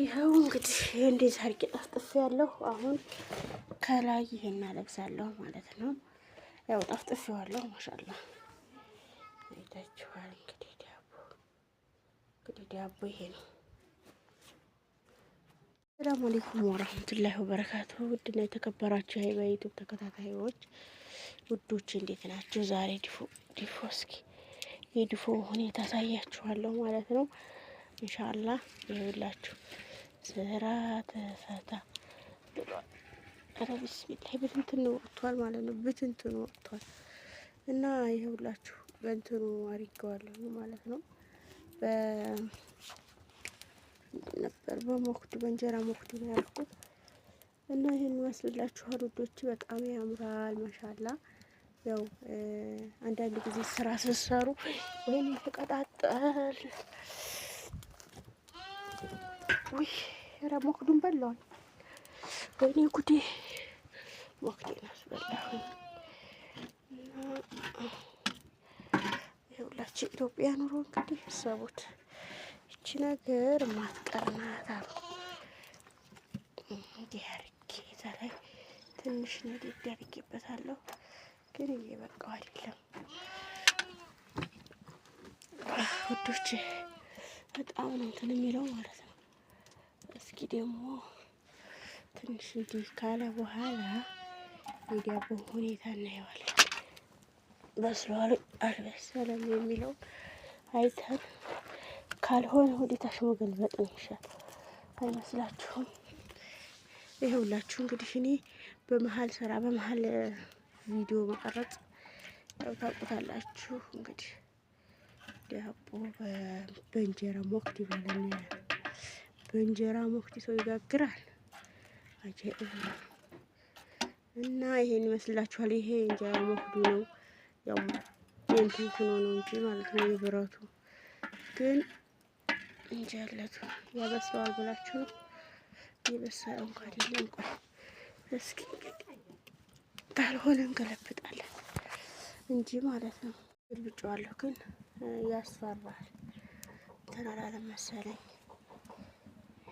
ይኸው እንግዲህ እንዴት አድርጌ ጠፍጥፍ ያለሁ አሁን ከላይ ይሄን አለብሳለሁ ማለት ነው። ያው ጠፍጥፍ ዋለሁ ማሻላ አይታችኋል። እንግዲህ ዳቦ እንግዲህ ዳቦ ይሄ ነው። ሰላም አለይኩም ወራህመቱላሂ ወበረካቱ። ውድና የተከበራችሁ ሀይባ ዩቱብ ተከታታዮች ውዶች እንዴት ናቸው? ዛሬ ዲፎ ዲፎ እስኪ የዲፎ ሁኔታ አሳያችኋለሁ ማለት ነው። ኢንሻአላህ ይሁላችሁ። ስራ ተፈታ ብሏል። አረ ቢስሚላህ በትንትኑ ወጥቷል ማለት ነው። በትንትኑ ወጥቷል እና ይሁላችሁ በእንትኑ አድርጌዋለሁ ማለት ነው። በ ነበር በሞክድ በእንጀራ ሞክድ ነው ያልኩት እና ይህን ይመስልላችኋል ውዶች። በጣም ያምራል ማሻላ። ያው አንዳንድ ጊዜ ስራ ስትሰሩ ወይም ተቀጣጠል ውይ ረ ሞክዱን በላሁኝ። ወይኔ ጉዴ የሁላችን ኢትዮጵያ ኑሮ እንግዲህ ሰቡት ነገር ማትቀርናት አሉ። እንዲህ አድርጌ እዛ ላይ ትንሽ አድርጌበታለሁ፣ ግን እየበቃው አይደለም ውዶች። በጣም ነው እንትን የሚለው ማለት እንግዲህ ደግሞ ትንሽ እንዲህ ካለ በኋላ የዳቦ ሁኔታ እናየዋለን። በስሏል አልበሰለም የሚለው አይተን ካልሆነ ወደታች መገልበጥ ነው ይሻላል። አይመስላችሁም? ይኸውላችሁ እንግዲህ እኔ በመሀል ስራ በመሀል ቪዲዮ መቀረጽ ታውቁታላችሁ። እንግዲህ ዳቦ በእንጀራ ሞክድ ይባላል። በእንጀራ ሞክቲ ሰው ይጋግራል። እና ይሄን ይመስላችኋል። ይሄ እንጀራ ሞክዱ ነው ያው የእንትን ሆኖ ነው እንጂ ማለት ነው ብረቱ ግን እንጀለቱ ያበስለዋል ብላችሁ ነው የበሰለ እንኳ አይደለም። እንኳ እስኪ ካልሆነ እንገለብጣለን እንጂ ማለት ነው። ግልብጫዋለሁ ግን ያስፈራል። እንትን አላለም መሰለኝ።